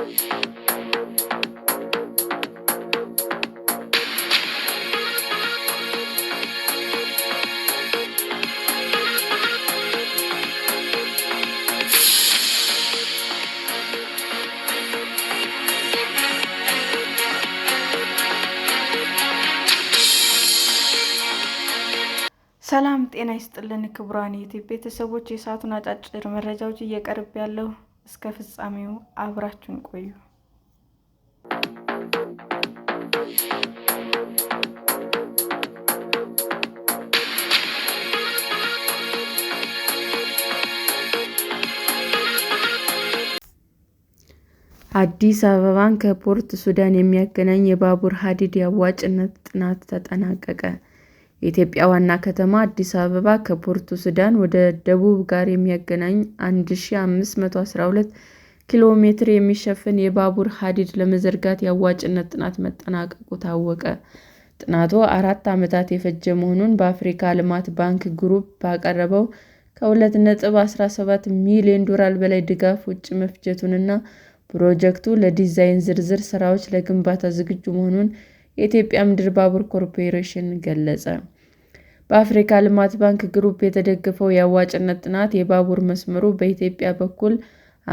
ሰላም ጤና ይስጥልን ክቡራን ዩቲዩብ ቤተሰቦች፣ የሰዓቱን አጫጭር መረጃዎች እየቀርብ ያለው እስከ ፍጻሜው አብራችሁን ቆዩ። አዲስ አበባን ከፖርት ሱዳን የሚያገናኝ የባቡር ሐዲድ የአዋጭነት ጥናት ተጠናቀቀ። የኢትዮጵያ ዋና ከተማ አዲስ አበባ ከፖርቱ ሱዳን ወደ ደቡብ ጋር የሚያገናኝ 1512 ኪሎ ሜትር የሚሸፍን የባቡር ሐዲድ ለመዘርጋት የአዋጭነት ጥናት መጠናቀቁ ታወቀ። ጥናቱ አራት ዓመታት የፈጀ መሆኑን በአፍሪካ ልማት ባንክ ግሩፕ ባቀረበው ከ 217 ሚሊዮን ዶላር በላይ ድጋፍ ውጪ መፍጀቱንና ፕሮጀክቱ ለዲዛይን ዝርዝር ሥራዎች ለግንባታ ዝግጁ መሆኑን የኢትዮጵያ ምድር ባቡር ኮርፖሬሽን ገለጸ። በአፍሪካ ልማት ባንክ ግሩፕ የተደገፈው የአዋጭነት ጥናት የባቡር መስመሩ በኢትዮጵያ በኩል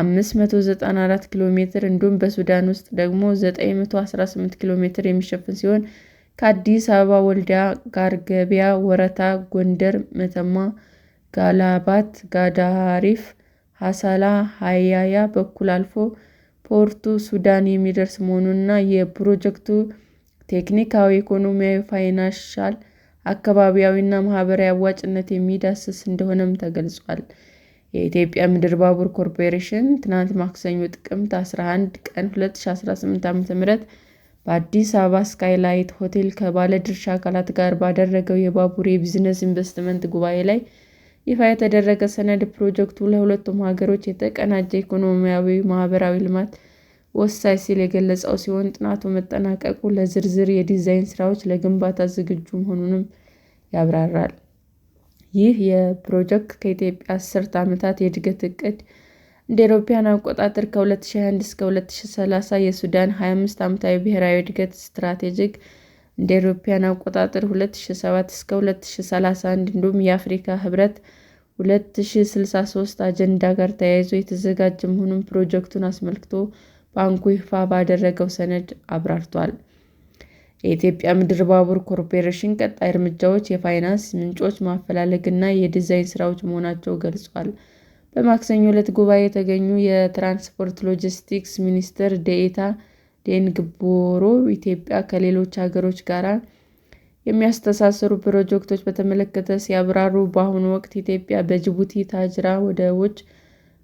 594 ኪሎ ሜትር እንዲሁም በሱዳን ውስጥ ደግሞ 918 ኪሎ ሜትር የሚሸፍን ሲሆን ከአዲስ አበባ ወልዲያ ጋር ገበያ፣ ወረታ፣ ጎንደር፣ መተማ፣ ጋላባት፣ ጋዳሪፍ፣ ሀሳላ፣ ሀያያ በኩል አልፎ ፖርቱ ሱዳን የሚደርስ እና የፕሮጀክቱ ቴክኒካዊ፣ ኢኮኖሚያዊ፣ ፋይናንሻል፣ አካባቢያዊና ማህበራዊ አዋጭነት የሚዳስስ እንደሆነም ተገልጿል። የኢትዮጵያ ምድር ባቡር ኮርፖሬሽን ትናንት ማክሰኞ ጥቅምት 11 ቀን 2018 ዓ.ም በአዲስ አበባ ስካይላይት ሆቴል ከባለ ድርሻ አካላት ጋር ባደረገው የባቡር የቢዝነስ ኢንቨስትመንት ጉባኤ ላይ ይፋ የተደረገ ሰነድ ፕሮጀክቱ ለሁለቱም ሀገሮች የተቀናጀ ኢኮኖሚያዊ፣ ማህበራዊ ልማት ወሳኝ ሲል የገለጸው ሲሆን ጥናቱ መጠናቀቁ ለዝርዝር የዲዛይን ስራዎች ለግንባታ ዝግጁ መሆኑንም ያብራራል። ይህ የፕሮጀክት ከኢትዮጵያ አስርት ዓመታት የእድገት እቅድ እንደ አውሮፓውያን አቆጣጠር ከ2021 እስከ 2030 የሱዳን 25 ዓመታዊ ብሔራዊ እድገት ስትራቴጂክ እንደ አውሮፓውያን አቆጣጠር 2007 እስከ 2031 እንዲሁም የአፍሪካ ህብረት 2063 አጀንዳ ጋር ተያይዞ የተዘጋጀ መሆኑን ፕሮጀክቱን አስመልክቶ ባንኩ ይፋ ባደረገው ሰነድ አብራርቷል። የኢትዮጵያ ምድር ባቡር ኮርፖሬሽን ቀጣይ እርምጃዎች የፋይናንስ ምንጮች ማፈላለግና የዲዛይን ሥራዎች መሆናቸው ገልጿል። በማክሰኞ ዕለት ጉባኤ የተገኙ የትራንስፖርት ሎጂስቲክስ ሚኒስትር ዴኤታ ዴንግቦሮ ኢትዮጵያ ከሌሎች ሀገሮች ጋር የሚያስተሳስሩ ፕሮጀክቶች በተመለከተ ሲያብራሩ፣ በአሁኑ ወቅት ኢትዮጵያ በጅቡቲ ታጅራ ወደቦች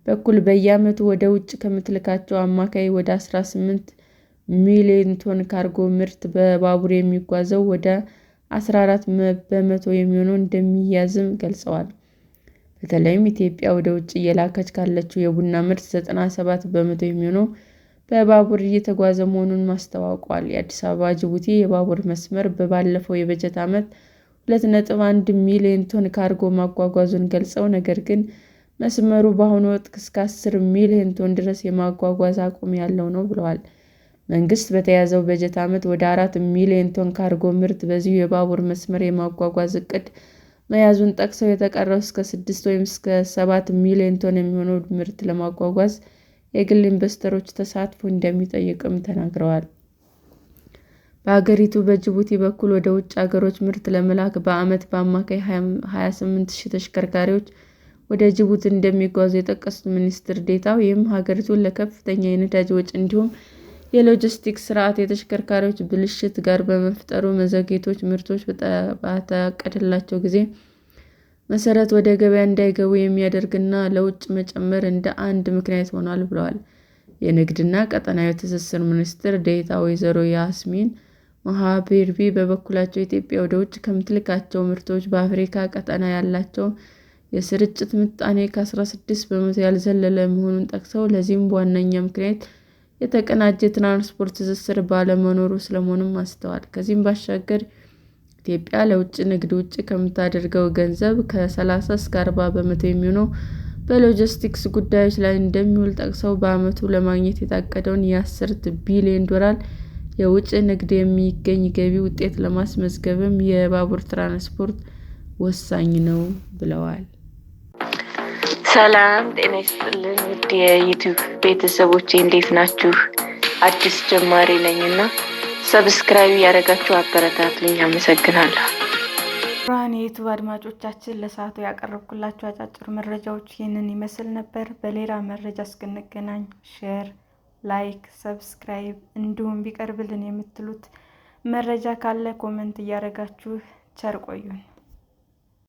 በኩል በየዓመቱ ወደ ውጭ ከምትልካቸው አማካይ ወደ 18 ሚሊዮን ቶን ካርጎ ምርት በባቡር የሚጓዘው ወደ 14 በመቶ የሚሆነው እንደሚያዝም ገልጸዋል። በተለይም ኢትዮጵያ ወደ ውጭ እየላከች ካለችው የቡና ምርት 97 በመቶ የሚሆነው በባቡር እየተጓዘ መሆኑን ማስታወቋል። የአዲስ አበባ ጅቡቲ የባቡር መስመር በባለፈው የበጀት ዓመት 2.1 ሚሊዮን ቶን ካርጎ ማጓጓዙን ገልጸው ነገር ግን መስመሩ በአሁኑ ወቅት እስከ 10 ሚሊዮን ቶን ድረስ የማጓጓዝ አቅም ያለው ነው ብለዋል። መንግስት በተያዘው በጀት ዓመት ወደ አራት ሚሊዮን ቶን ካርጎ ምርት በዚሁ የባቡር መስመር የማጓጓዝ ዕቅድ መያዙን ጠቅሰው የተቀረው እስከ 6 ወይም እስከ ሰባት ሚሊዮን ቶን የሚሆነው ምርት ለማጓጓዝ የግል ኢንቨስተሮች ተሳትፎ እንደሚጠይቅም ተናግረዋል። በአገሪቱ በጅቡቲ በኩል ወደ ውጭ አገሮች ምርት ለመላክ በዓመት በአማካይ 28 ሺህ ተሽከርካሪዎች ወደ ጅቡቲ እንደሚጓዙ የጠቀሱት ሚኒስትር ዴታ ይህም ሀገሪቱን ለከፍተኛ የነዳጅ ወጪ እንዲሁም የሎጂስቲክስ ስርዓት የተሽከርካሪዎች ብልሽት ጋር በመፍጠሩ መዘግየቶች ምርቶች በተቀደላቸው ጊዜ መሰረት ወደ ገበያ እንዳይገቡ የሚያደርግና ለውጭ መጨመር እንደ አንድ ምክንያት ሆኗል ብለዋል። የንግድና ቀጠናዊ ትስስር ሚኒስትር ዴታ ወይዘሮ ያስሚን ሙሃቢርቢ በበኩላቸው ኢትዮጵያ ወደ ውጭ ከምትልካቸው ምርቶች በአፍሪካ ቀጠና ያላቸው የስርጭት ምጣኔ ከ16 በመቶ ያልዘለለ መሆኑን ጠቅሰው ለዚህም ዋነኛ ምክንያት የተቀናጀ ትራንስፖርት ትስስር ባለመኖሩ ስለመሆኑም አስተዋል። ከዚህም ባሻገር ኢትዮጵያ ለውጭ ንግድ ውጭ ከምታደርገው ገንዘብ ከ30 እስከ 40 በመቶ የሚሆነው በሎጂስቲክስ ጉዳዮች ላይ እንደሚውል ጠቅሰው በዓመቱ ለማግኘት የታቀደውን የ10 ቢሊዮን ዶላር የውጭ ንግድ የሚገኝ ገቢ ውጤት ለማስመዝገብም የባቡር ትራንስፖርት ወሳኝ ነው ብለዋል። ሰላም ጤና ይስጥልን ውድ ቤተሰቦች ቤተሰቦቼ እንዴት ናችሁ? አዲስ ጀማሪ ነኝ እና ሰብስክራይብ ያደረጋችሁ አበረታቱኝ። አመሰግናለሁ። ብርሃን የዩቱብ አድማጮቻችን ለሰዓቱ ያቀረብኩላችሁ አጫጭር መረጃዎች ይህንን ይመስል ነበር። በሌላ መረጃ እስክንገናኝ ሼር፣ ላይክ፣ ሰብስክራይብ እንዲሁም ቢቀርብልን የምትሉት መረጃ ካለ ኮመንት እያደረጋችሁ ቸር ቆዩን።